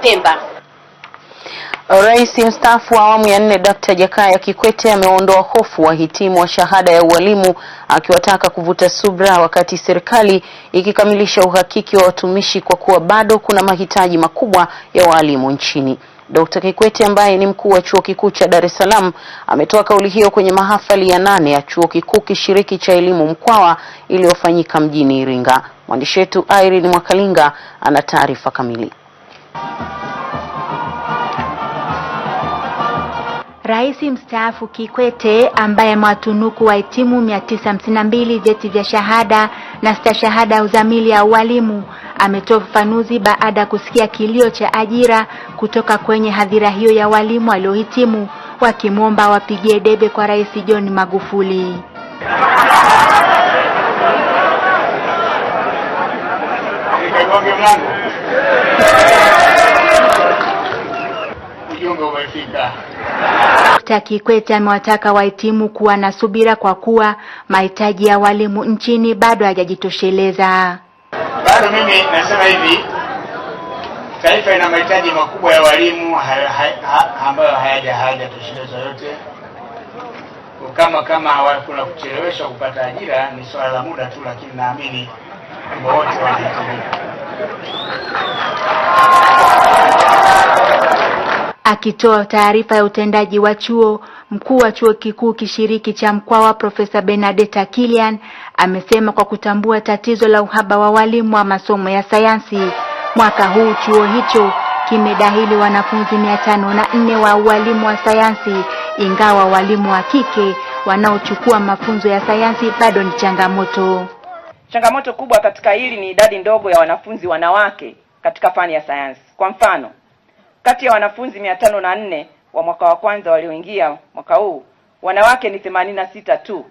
Pemba. Rais mstaafu wa awamu ya nne Dkt. Jakaya Kikwete ameondoa hofu wahitimu wa shahada ya ualimu akiwataka kuvuta subra wakati serikali ikikamilisha uhakiki wa watumishi kwa kuwa bado kuna mahitaji makubwa ya waalimu nchini. Dkt. Kikwete ambaye ni mkuu wa Chuo Kikuu cha Dar es Salaam ametoa kauli hiyo kwenye mahafali ya nane ya Chuo Kikuu Kishiriki cha Elimu Mkwawa iliyofanyika mjini Iringa. Mwandishi wetu Irene Mwakalinga ana taarifa kamili. Rais mstaafu Kikwete ambaye amewatunuku wahitimu 952 vyeti vya shahada na stashahada ya uzamili ya ualimu ametoa ufafanuzi baada ya kusikia kilio cha ajira kutoka kwenye hadhira hiyo ya walimu waliohitimu wakimwomba wapigie debe kwa Rais John Magufuli. ujumbe umefika. Dkt. Kikwete amewataka wahitimu kuwa na subira kwa kuwa mahitaji ya walimu nchini bado hayajitosheleza. Bado mimi nasema hivi, taifa ina mahitaji makubwa ya walimu ambayo hayajatosheleza yote kama kama kuna kucheleweshwa kupata ajira ni swala la muda tu, lakini naamini wote wanahitajika. Akitoa taarifa ya utendaji wa chuo, mkuu wa chuo kikuu kishiriki cha Mkwawa Profesa Bernadetta Kilian amesema kwa kutambua tatizo la uhaba wa walimu wa masomo ya sayansi, mwaka huu chuo hicho kimedahili wanafunzi mia tano na nne wa ualimu wa sayansi, ingawa walimu wa kike wanaochukua mafunzo ya sayansi bado ni changamoto. Changamoto kubwa katika hili ni idadi ndogo ya wanafunzi wanawake katika fani ya sayansi. Kwa mfano kati ya wanafunzi mia tano na nne wa mwaka wa kwanza walioingia mwaka huu wanawake ni 86 tu,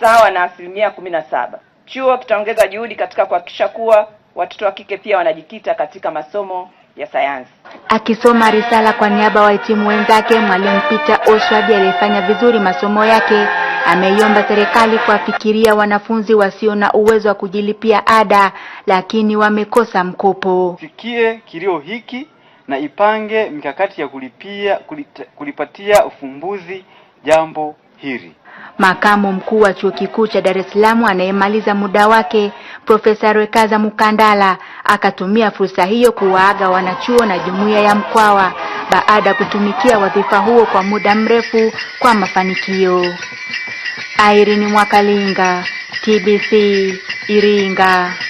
sawa na asilimia saba Chuo kitaongeza juhudi katika kuhakikisha kuwa watoto wa kike pia wanajikita katika masomo ya sayansi. Akisoma risala kwa niaba wa wahitimu wenzake, Mwalimu Peter Oswald aliyefanya vizuri masomo yake ameiomba serikali kuwafikiria wanafunzi wasio na uwezo wa kujilipia ada, lakini wamekosa mkopo. Sikie kilio hiki na ipange mikakati ya kulipia, kulita, kulipatia ufumbuzi jambo hili. Makamu mkuu wa chuo kikuu cha Dar es Salaam anayemaliza muda wake Profesa Rwekaza Mukandala akatumia fursa hiyo kuwaaga wanachuo na jumuiya ya Mkwawa baada ya kutumikia wadhifa huo kwa muda mrefu kwa mafanikio. Irene Mwakalinga, TBC Iringa.